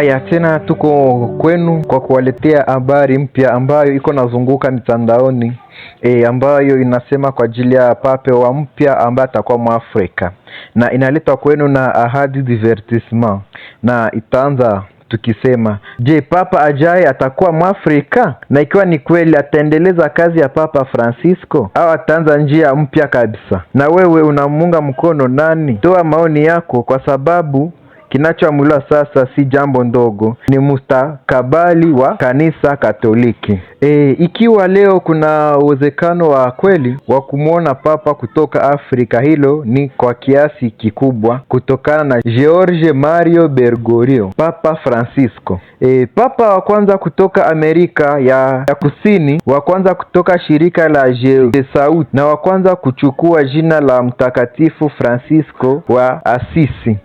Haya, tena tuko kwenu kwa kuwaletea habari mpya ambayo iko nazunguka mitandaoni e, ambayo inasema kwa ajili ya pape wa mpya ambaye atakuwa Mwafrika na inaletwa kwenu na Ahadi Divertissement na itaanza tukisema je, papa ajaye atakuwa Mwafrika? Na ikiwa ni kweli, ataendeleza kazi ya Papa Francisco au ataanza njia mpya kabisa? Na wewe unamuunga mkono nani? Toa maoni yako, kwa sababu Kinachoamuliwa sasa si jambo ndogo, ni mustakabali wa kanisa Katoliki. E, ikiwa leo kuna uwezekano wa kweli wa kumwona papa kutoka Afrika, hilo ni kwa kiasi kikubwa kutokana na George Mario Bergoglio, Papa Francisco. E, papa wa kwanza kutoka Amerika ya, ya Kusini, wa kwanza kutoka shirika la Jesuit na wa kwanza kuchukua jina la Mtakatifu Francisco wa Asisi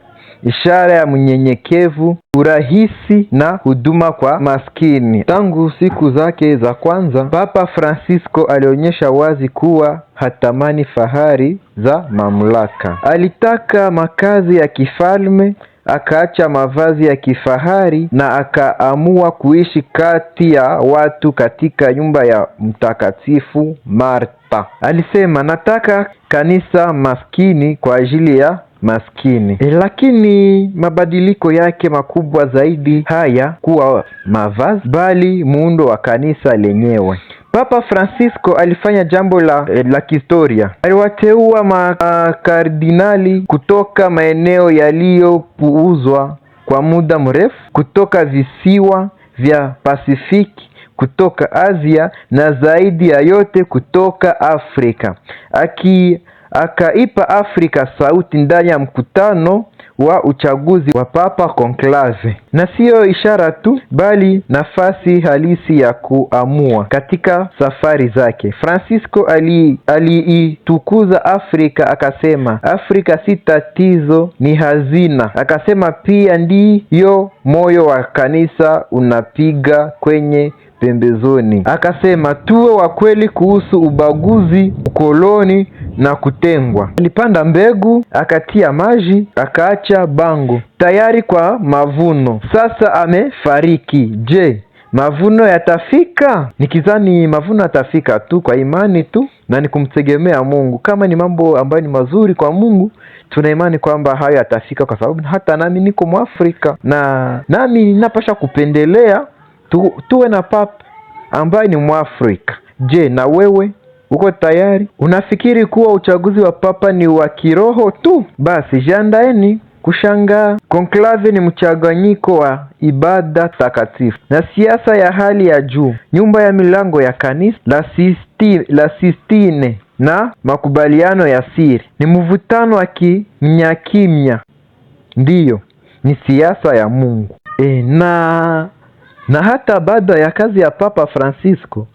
ishara ya mnyenyekevu, urahisi na huduma kwa maskini. Tangu siku zake za kwanza, Papa Francisco alionyesha wazi kuwa hatamani fahari za mamlaka. Alitaka makazi ya kifalme akaacha mavazi ya kifahari na akaamua kuishi kati ya watu katika nyumba ya Mtakatifu Marta. Alisema, nataka kanisa maskini kwa ajili ya maskini. E, lakini mabadiliko yake makubwa zaidi haya kuwa mavazi, bali muundo wa kanisa lenyewe. Papa Francisco alifanya jambo la, eh, la kihistoria. Aliwateua makardinali ah, kutoka maeneo yaliyopuuzwa kwa muda mrefu, kutoka visiwa vya Pasifiki, kutoka Asia na zaidi ya yote kutoka Afrika aki akaipa Afrika sauti ndani ya mkutano wa uchaguzi wa Papa Conclave, na siyo ishara tu, bali nafasi halisi ya kuamua. Katika safari zake, Francisco aliitukuza ali Afrika, akasema Afrika si tatizo, ni hazina. Akasema pia ndiyo moyo wa kanisa unapiga kwenye pembezoni. Akasema tuwe wa kweli kuhusu ubaguzi, ukoloni na kutengwa. Alipanda mbegu, akatia maji, akaacha bango tayari kwa mavuno. Sasa amefariki. Je, mavuno yatafika? Nikizani mavuno yatafika tu kwa imani tu na ni kumtegemea Mungu. Kama ni mambo ambayo ni mazuri kwa Mungu, tuna imani kwamba hayo yatafika, kwa sababu hata nami niko Mwafrika na nami ninapasha kupendelea tu, tuwe na papa ambaye ni Mwafrika. Je, na wewe? Uko tayari? Unafikiri kuwa uchaguzi wa papa ni wa kiroho tu? Basi jiandaeni kushangaa. Konklave ni mchanganyiko wa ibada takatifu na siasa ya hali ya juu, nyumba ya milango ya kanisa la Sistine, la Sistine na makubaliano ya siri. Ni mvutano wa kimya kimya, ndiyo ni siasa ya Mungu. E, na na hata baada ya kazi ya Papa Francisco,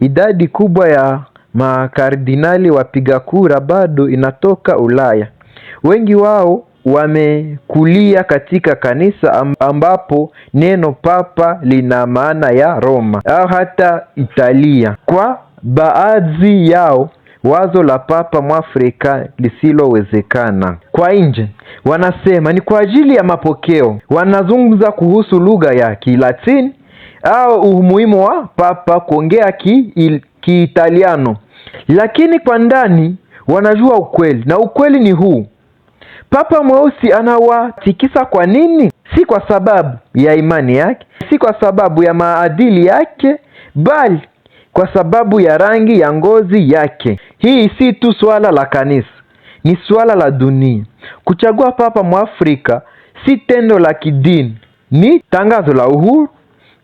idadi kubwa ya makardinali wapiga kura bado inatoka Ulaya. Wengi wao wamekulia katika kanisa ambapo neno papa lina maana ya Roma au hata Italia. Kwa baadhi yao wazo la papa mwafrika lisilowezekana. Kwa nje wanasema ni kwa ajili ya mapokeo. Wanazungumza kuhusu lugha ya Kilatini au umuhimu wa papa kuongea ki Kiitaliano, lakini kwa ndani wanajua ukweli, na ukweli ni huu: Papa mweusi anawatikisa. Kwa nini? Si kwa sababu ya imani yake, si kwa sababu ya maadili yake, bali kwa sababu ya rangi ya ngozi yake. Hii si tu swala la kanisa, ni swala la dunia. Kuchagua papa mwafrika si tendo la kidini, ni tangazo la uhuru,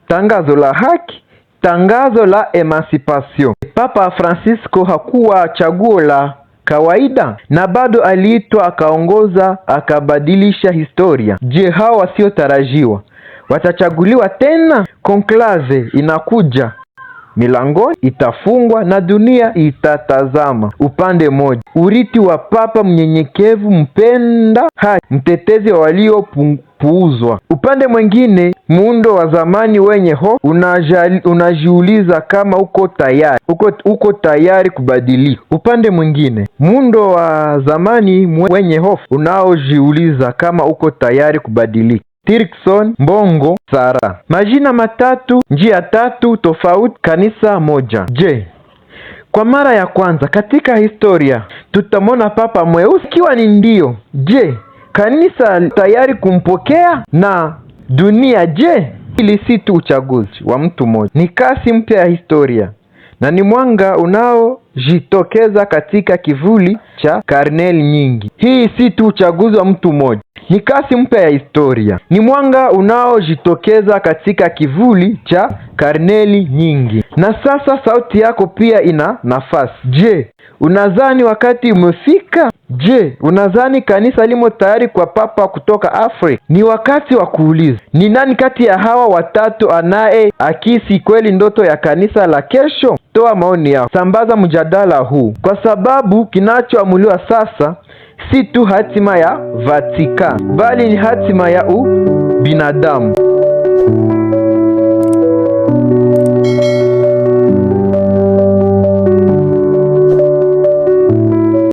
tangazo la haki Tangazo la Emancipation. Papa Francisco hakuwa chaguo la kawaida na bado aliitwa akaongoza, akabadilisha historia. Je, hao wasiotarajiwa watachaguliwa tena? Konklave inakuja milangoni itafungwa na dunia itatazama upande mmoja. Uriti wa papa mnyenyekevu, mpenda haki, mtetezi wa waliopuuzwa. Upande mwingine, muundo wa zamani wenye ho, unajiuliza kama uko tayari uko, uko tayari kubadilika. Upande mwingine, muundo wa zamani wenye hofu unaojiuliza kama uko tayari kubadilika. Tirkson, Mbongo, Sara. Majina matatu, njia tatu tofauti, kanisa moja. Je, kwa mara ya kwanza katika historia tutamona papa mweusi? Ikiwa ni ndio, je, kanisa tayari kumpokea na dunia? Je, ili si tu uchaguzi wa mtu mmoja, ni kasi mpya ya historia na ni mwanga unaojitokeza katika kivuli cha karneli nyingi. Hii si tu uchaguzi wa mtu mmoja ni kasi mpya ya historia, ni mwanga unaojitokeza katika kivuli cha karneli nyingi. Na sasa sauti yako pia ina nafasi. Je, unadhani wakati umefika? Je, unadhani kanisa limo tayari kwa papa kutoka Afrika? Ni wakati wa kuuliza, ni nani kati ya hawa watatu anaye akisi kweli ndoto ya kanisa la kesho? Toa maoni yako, sambaza mjadala huu, kwa sababu kinachoamuliwa sasa si tu hatima ya Vatikani bali ni hatima ya ubinadamu.